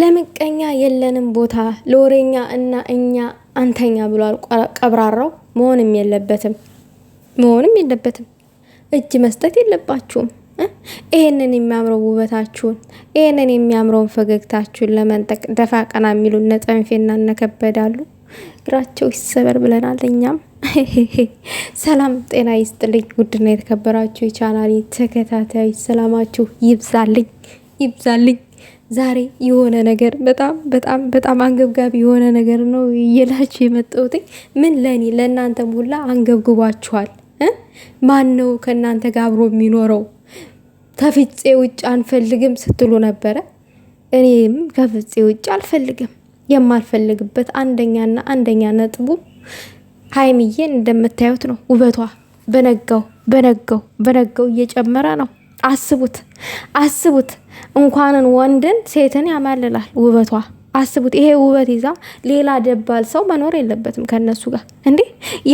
ለምቀኛ የለንም ቦታ ለወሬኛ እና እኛ አንተኛ ብሏል ቀብራራው። መሆንም የለበትም መሆንም የለበትም። እጅ መስጠት የለባችሁም። ይህንን የሚያምረው ውበታችሁን ይህንን የሚያምረውን ፈገግታችሁን ለመንጠቅ ደፋ ቀና የሚሉ እነ ጸንፌና እነ እግራቸው ይሰበር ብለናል እኛም። ሰላም ጤና ይስጥልኝ። ውድና የተከበራችሁ የቻናሌ ተከታታዮች ሰላማችሁ ይብዛልኝ ይብዛልኝ። ዛሬ የሆነ ነገር በጣም በጣም በጣም አንገብጋቢ የሆነ ነገር ነው እየላችሁ የመጣሁት። ምን ለእኔ ለእናንተም ሁላ አንገብግቧችኋል። ማን ነው ከእናንተ ጋር አብሮ የሚኖረው? ከፍፄ ውጭ አንፈልግም ስትሉ ነበረ። እኔም ከፍፄ ውጭ አልፈልግም። የማልፈልግበት አንደኛና አንደኛ ነጥቡ ሀይምዬን እንደምታዩት ነው። ውበቷ በነጋው በነጋው በነጋው እየጨመረ ነው። አስቡት አስቡት እንኳንን ወንድን ሴትን ያማልላል ውበቷ። አስቡት ይሄ ውበት ይዛ ሌላ ደባል ሰው መኖር የለበትም ከነሱ ጋር እንዴ።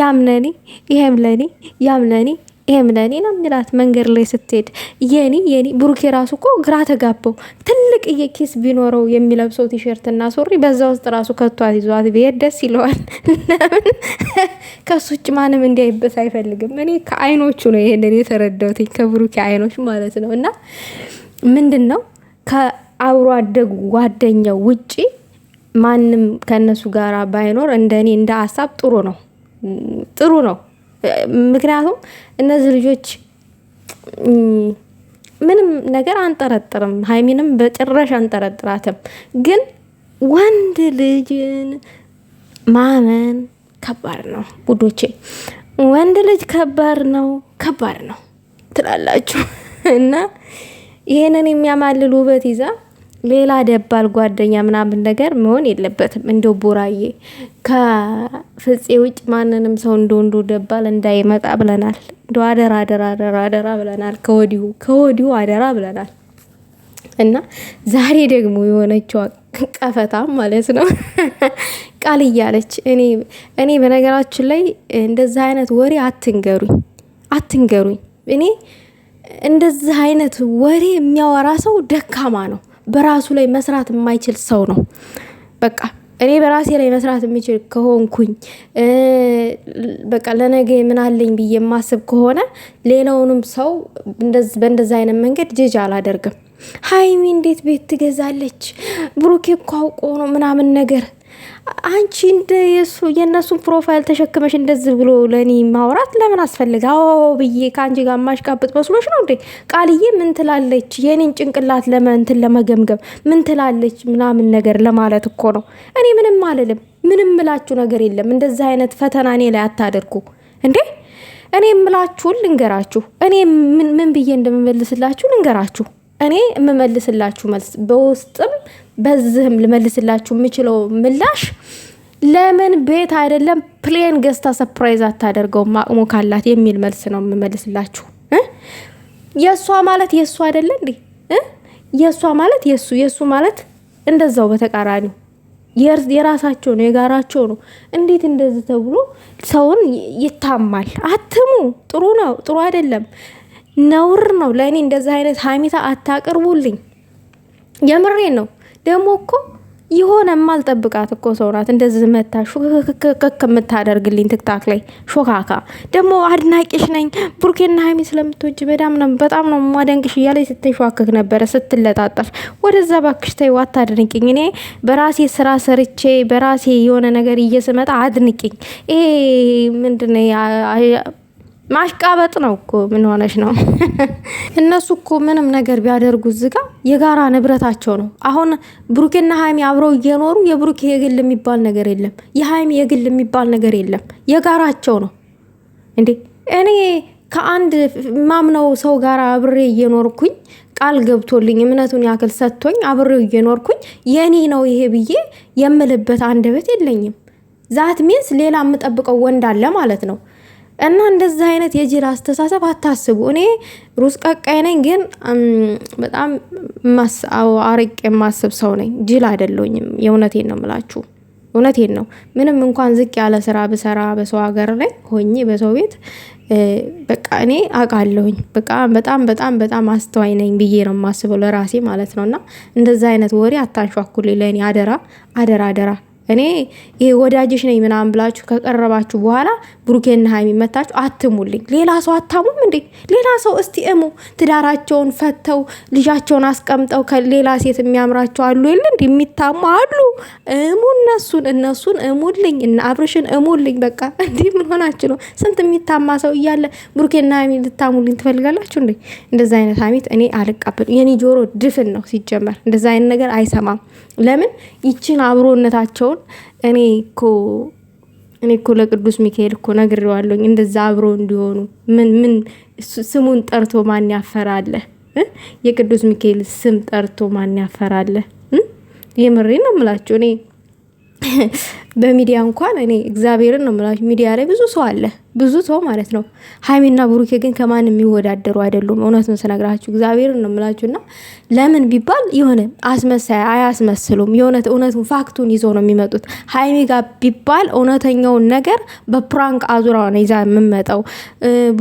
ያምለኒ ይሄም ለኒ ያምለኒ ይህም ለእኔ ነው የሚላት መንገድ ላይ ስትሄድ የኔ የኔ ብሩኬ ራሱ እኮ ግራ ተጋባው። ትልቅ የኪስ ቢኖረው የሚለብሰው ቲሸርትና ሱሪ በዛ ውስጥ ራሱ ከቷት ይዟት ብሄድ ደስ ይለዋል። ለምን ከሱ ውጭ ማንም እንዲያይበት አይፈልግም። እኔ ከአይኖቹ ነው ይሄንን የተረዳሁት ከብሩኬ አይኖች ማለት ነው። እና ምንድን ነው ከአብሮ አደጉ ጓደኛው ውጪ ማንም ከእነሱ ጋር ባይኖር እንደኔ እንደ ሀሳብ ጥሩ ነው ጥሩ ነው። ምክንያቱም እነዚህ ልጆች ምንም ነገር አንጠረጥርም፣ ሀይሚንም በጭራሽ አንጠረጥራትም። ግን ወንድ ልጅን ማመን ከባድ ነው ውዶቼ፣ ወንድ ልጅ ከባድ ነው፣ ከባድ ነው ትላላችሁ እና ይሄንን የሚያማልል ውበት ይዛ ሌላ ደባል ጓደኛ ምናምን ነገር መሆን የለበትም። እንደ ቡራዬ ከፍፄ ውጭ ማንንም ሰው እንደ ወንዱ ደባል እንዳይመጣ ብለናል። እንደ አደራ አደራ አደራ አደራ ብለናል። ከወዲሁ ከወዲሁ አደራ ብለናል። እና ዛሬ ደግሞ የሆነችው ቀፈታ ማለት ነው ቃል እያለች እኔ እኔ በነገራችን ላይ እንደዚህ አይነት ወሬ አትንገሩኝ፣ አትንገሩኝ። እኔ እንደዚህ አይነት ወሬ የሚያወራ ሰው ደካማ ነው። በራሱ ላይ መስራት የማይችል ሰው ነው። በቃ እኔ በራሴ ላይ መስራት የሚችል ከሆንኩኝ በቃ ለነገ ምናለኝ ብዬ የማስብ ከሆነ ሌላውንም ሰው በእንደዚ አይነት መንገድ ጅጅ አላደርግም። ሀይሚ እንዴት ቤት ትገዛለች? ብሩኬ እኮ አውቆ ነው ምናምን ነገር አንቺ እንደ የሱ የእነሱን ፕሮፋይል ተሸክመሽ እንደዚህ ብሎ ለእኔ ማውራት ለምን አስፈልግ? አዎ ብዬ ከአንቺ ጋር ማሽቃብጥ መስሎች ነው እንዴ? ቃልዬ ምን ትላለች? የእኔን ጭንቅላት ለመንትን ለመገምገም ምን ትላለች ምናምን ነገር ለማለት እኮ ነው። እኔ ምንም አልልም። ምንም ምላችሁ ነገር የለም። እንደዚህ አይነት ፈተና እኔ ላይ አታደርጉ እንዴ! እኔ የምላችሁን ልንገራችሁ። እኔ ምን ብዬ እንደምመልስላችሁ ልንገራችሁ። እኔ የምመልስላችሁ መልስ በውስጥም በዚህም ልመልስላችሁ የምችለው ምላሽ ለምን ቤት አይደለም ፕሌን ገዝታ ሰፕራይዝ አታደርገውም አቅሙ ካላት የሚል መልስ ነው የምመልስላችሁ። የእሷ ማለት የእሱ አይደለ እንዴ? የእሷ ማለት የእሱ የእሱ ማለት እንደዛው በተቃራኒው የራሳቸው ነው የጋራቸው ነው። እንዴት እንደዚህ ተብሎ ሰውን ይታማል? አትሙ። ጥሩ ነው ጥሩ አይደለም፣ ነውር ነው። ለእኔ እንደዚህ አይነት ሀሜታ አታቅርቡልኝ። የምሬን ነው። ደግሞ እኮ የሆነ ማልጠብቃት እኮ ሰው ናት። እንደዚህ መታ ሹክክክ የምታደርግልኝ ትክታክ ላይ ሾካካ ደግሞ አድናቂሽ ነኝ ብሩኬና ሀይሚ ስለምትወጅ በጣም ነው በጣም ነው ማደንቅሽ እያለ ስትሸዋክክ ነበረ ስትለጣጠፍ። ወደዛ ባክሽ ተይው፣ አታድንቅኝ። እኔ በራሴ ስራ ሰርቼ በራሴ የሆነ ነገር እየስመጣ አድንቅኝ። ይሄ ምንድን ማሽቃበጥ ነው እኮ ምን ሆነሽ ነው? እነሱ እኮ ምንም ነገር ቢያደርጉ እዚህ ጋ የጋራ ንብረታቸው ነው። አሁን ብሩኬና ሀይሚ አብረው እየኖሩ የብሩኬ የግል የሚባል ነገር የለም፣ የሀይሚ የግል የሚባል ነገር የለም። የጋራቸው ነው እንዴ እኔ ከአንድ ማምነው ሰው ጋር አብሬ እየኖርኩኝ ቃል ገብቶልኝ እምነቱን ያክል ሰጥቶኝ አብሬው እየኖርኩኝ የኔ ነው ይሄ ብዬ የምልበት አንደበት የለኝም። ዛት ሚንስ ሌላ የምጠብቀው ወንድ አለ ማለት ነው። እና እንደዚህ አይነት የጅል አስተሳሰብ አታስቡ። እኔ ሩስ ቀቃይ ነኝ፣ ግን በጣም አርቄ የማስብ ሰው ነኝ። ጅል አይደለሁኝም። የእውነቴን ነው የምላችሁ፣ እውነቴን ነው። ምንም እንኳን ዝቅ ያለ ስራ ብሰራ በሰው ሀገር ላይ ሆኜ በሰው ቤት በቃ እኔ አውቃለሁኝ በቃ በጣም በጣም በጣም አስተዋይ ነኝ ብዬ ነው የማስበው ለራሴ ማለት ነው። እና እንደዛ አይነት ወሬ አታንሿኩልኝ፣ ለእኔ አደራ አደራ አደራ። እኔ ይሄ ወዳጅሽ ነኝ ምናምን ብላችሁ ከቀረባችሁ በኋላ ብሩኬና ሀይሚ መታችሁ አትሙልኝ። ሌላ ሰው አታሙም እንዴ? ሌላ ሰው እስቲ እሙ። ትዳራቸውን ፈተው ልጃቸውን አስቀምጠው ከሌላ ሴት የሚያምራቸው አሉ የለ እንዲ የሚታሙ አሉ። እሙ እነሱን እነሱን እሙልኝ እና አብርሽን እሙልኝ። በቃ እንዲህ ምን ሆናችሁ ነው? ስንት የሚታማ ሰው እያለ ብሩኬና ሚ ልታሙልኝ ትፈልጋላችሁ እንዴ? እንደዚ አይነት ሀሜት እኔ አልቀበል። የኔ ጆሮ ድፍን ነው ሲጀመር፣ እንደዚ አይነት ነገር አይሰማም። ለምን ይችን አብሮነታቸውን እኔ እኮ እኔ እኮ ለቅዱስ ሚካኤል እኮ ነግሬዋለሁኝ እንደዛ አብሮ እንዲሆኑ። ምን ምን ስሙን ጠርቶ ማን ያፈራለህ? የቅዱስ ሚካኤል ስም ጠርቶ ማን ያፈራለህ? የምሬ ነው የምላችሁ እኔ በሚዲያ እንኳን እኔ እግዚአብሔርን ነው የምላችሁ። ሚዲያ ላይ ብዙ ሰው አለ፣ ብዙ ሰው ማለት ነው። ሀይሚና ብሩኬ ግን ከማን የሚወዳደሩ አይደሉም። እውነት ነው ስነግራችሁ፣ እግዚአብሔርን ነው የምላችሁ። እና ለምን ቢባል የሆነ አስመሳይ አያስመስሉም። የሆነ እውነቱን ፋክቱን ይዘው ነው የሚመጡት። ሀይሚ ጋር ቢባል እውነተኛውን ነገር በፕራንክ አዙራ ነው ይዛ የምመጣው።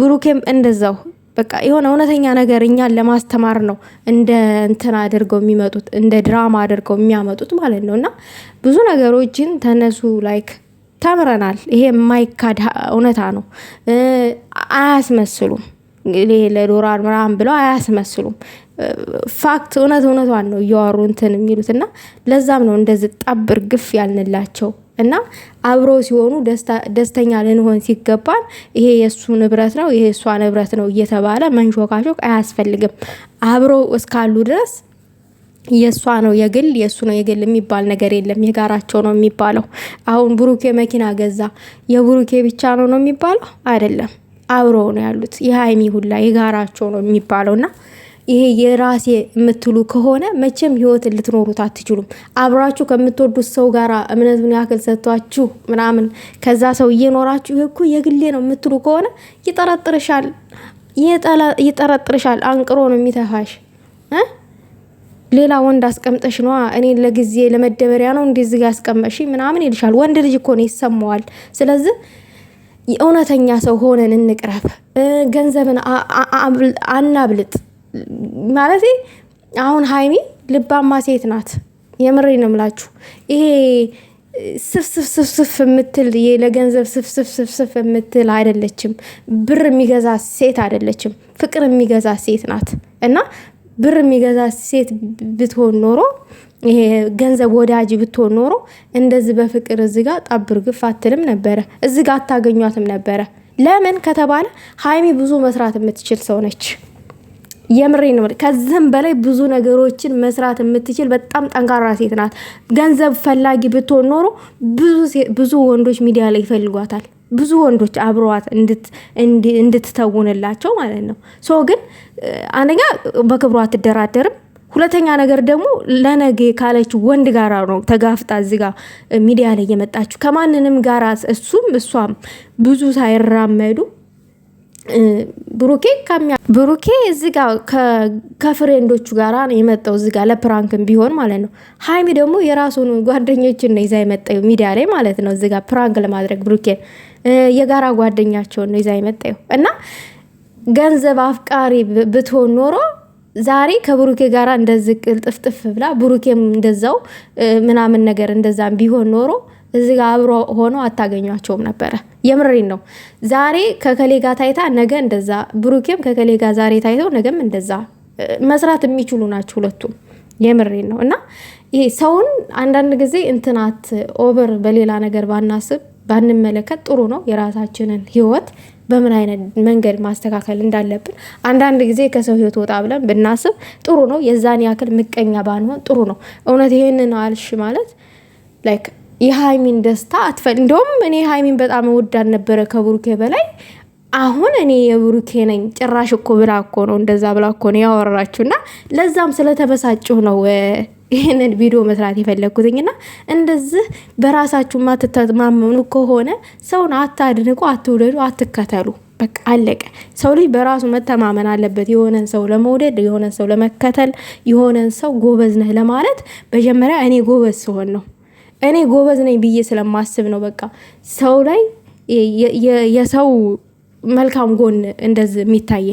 ብሩኬም እንደዛው በቃ የሆነ እውነተኛ ነገር እኛን ለማስተማር ነው እንደ እንትን አድርገው የሚመጡት እንደ ድራማ አድርገው የሚያመጡት ማለት ነው። እና ብዙ ነገሮችን ተነሱ ላይክ ተምረናል። ይሄ የማይካድ እውነታ ነው። አያስመስሉም። ይሄ ለዶራር ምናምን ብለው አያስመስሉም። ፋክት እውነት እውነቷን ነው እያወሩ እንትን የሚሉት እና ለዛም ነው እንደዚህ ጠብር ግፍ ያልንላቸው። እና አብሮ ሲሆኑ ደስተኛ ልንሆን ሲገባን ይሄ የእሱ ንብረት ነው፣ ይሄ እሷ ንብረት ነው እየተባለ መንሾካሾክ አያስፈልግም። አብሮ እስካሉ ድረስ የእሷ ነው የግል የእሱ ነው የግል የሚባል ነገር የለም። የጋራቸው ነው የሚባለው። አሁን ብሩኬ መኪና ገዛ የብሩኬ ብቻ ነው ነው የሚባለው አይደለም። አብረው ነው ያሉት። የሀይሚ ሁላ የጋራቸው ነው የሚባለውና ይሄ የራሴ የምትሉ ከሆነ መቼም ህይወትን ልትኖሩት አትችሉም። አብራችሁ ከምትወዱት ሰው ጋር እምነቱን ያክል ሰጥቷችሁ ምናምን ከዛ ሰው እየኖራችሁ ይሄ እኮ የግሌ ነው የምትሉ ከሆነ ይጠረጥርሻል፣ ይጠረጥርሻል። አንቅሮ ነው የሚተፋሽ። ሌላ ወንድ አስቀምጠሽ ነዋ። እኔ ለጊዜ ለመደበሪያ ነው እንደዚ ያስቀመጥሽ ምናምን ይልሻል። ወንድ ልጅ እኮ ነው ይሰማዋል። ስለዚህ እውነተኛ ሰው ሆነን እንቅረብ። ገንዘብን አናብልጥ። ማለት አሁን ሀይሚ ልባማ ሴት ናት። የምሬ ነው የምላችሁ። ይሄ ስፍስፍስፍስፍ የምትል ለገንዘብ ስፍስፍስፍስፍ የምትል አይደለችም። ብር የሚገዛ ሴት አይደለችም። ፍቅር የሚገዛ ሴት ናት እና ብር የሚገዛ ሴት ብትሆን ኖሮ ይሄ ገንዘብ ወዳጅ ብትሆን ኖሮ እንደዚህ በፍቅር እዚ ጋ ጣብር ግፍ አትልም ነበረ፣ እዚ ጋ አታገኟትም ነበረ። ለምን ከተባለ ሀይሚ ብዙ መስራት የምትችል ሰው ነች። የምሬ ነው። ከዚህም በላይ ብዙ ነገሮችን መስራት የምትችል በጣም ጠንካራ ሴት ናት። ገንዘብ ፈላጊ ብትሆን ኖሮ ብዙ ወንዶች ሚዲያ ላይ ይፈልጓታል። ብዙ ወንዶች አብረዋት እንድትተውንላቸው ማለት ነው። ሶ ግን አንደኛ በክብሯ አትደራደርም። ሁለተኛ ነገር ደግሞ ለነገ ካለች ወንድ ጋር ነው ተጋፍጣ እዚህ ጋ ሚዲያ ላይ የመጣችሁ ከማንንም ጋር እሱም እሷም ብዙ ሳይራመዱ ብሩኬ ከሚያ ብሩኬ እዚህ ጋር ከፍሬንዶቹ ጋራ ነው የመጣው እዚህ ጋር ለፕራንክም ቢሆን ማለት ነው። ሀይሚ ደግሞ የራሱን ጓደኞችን ነው ይዛ የመጣው ሚዲያ ላይ ማለት ነው። እዚህ ጋር ፕራንክ ለማድረግ ብሩኬን የጋራ ጓደኛቸውን ነው ይዛ የመጣው እና ገንዘብ አፍቃሪ ብትሆን ኖሮ ዛሬ ከብሩኬ ጋራ እንደዚህ ቅልጥፍጥፍ ብላ ብሩኬም እንደዛው ምናምን ነገር እንደዛም ቢሆን ኖሮ እዚ ጋ አብሮ ሆኖ አታገኟቸውም ነበረ። የምሬን ነው። ዛሬ ከከሌ ጋ ታይታ ነገ እንደዛ፣ ብሩኬም ከከሌ ጋ ዛሬ ታይተው ነገም እንደዛ መስራት የሚችሉ ናቸው ሁለቱም። የምሬን ነው። እና ይሄ ሰውን አንዳንድ ጊዜ እንትናት ኦቨር በሌላ ነገር ባናስብ ባንመለከት ጥሩ ነው። የራሳችንን ህይወት በምን አይነት መንገድ ማስተካከል እንዳለብን አንዳንድ ጊዜ ከሰው ህይወት ወጣ ብለን ብናስብ ጥሩ ነው። የዛን ያክል ምቀኛ ባንሆን ጥሩ ነው። እውነት ይህንን አልሽ ማለት ላይክ የሀይሚን ደስታ አትፈል እንደውም እኔ ሀይሚን በጣም እወዳት ነበረ ከብሩኬ በላይ አሁን እኔ የብሩኬ ነኝ ጭራሽ እኮ ብላ እኮ ነው እንደዛ ብላ እኮ ነው ያወራችሁ እና ለዛም ስለተበሳጭሁ ነው ይህንን ቪዲዮ መስራት የፈለግኩትኝ የፈለግኩትኝና እንደዚህ በራሳችሁ ማትተማመኑ ከሆነ ሰውን አታድንቁ አትውደዱ አትከተሉ በቃ አለቀ ሰው ልጅ በራሱ መተማመን አለበት የሆነን ሰው ለመውደድ የሆነን ሰው ለመከተል የሆነን ሰው ጎበዝ ነህ ለማለት መጀመሪያ እኔ ጎበዝ ስሆን ነው እኔ ጎበዝ ነኝ ብዬ ስለማስብ ነው። በቃ ሰው ላይ የሰው መልካም ጎን እንደዚህ የሚታየ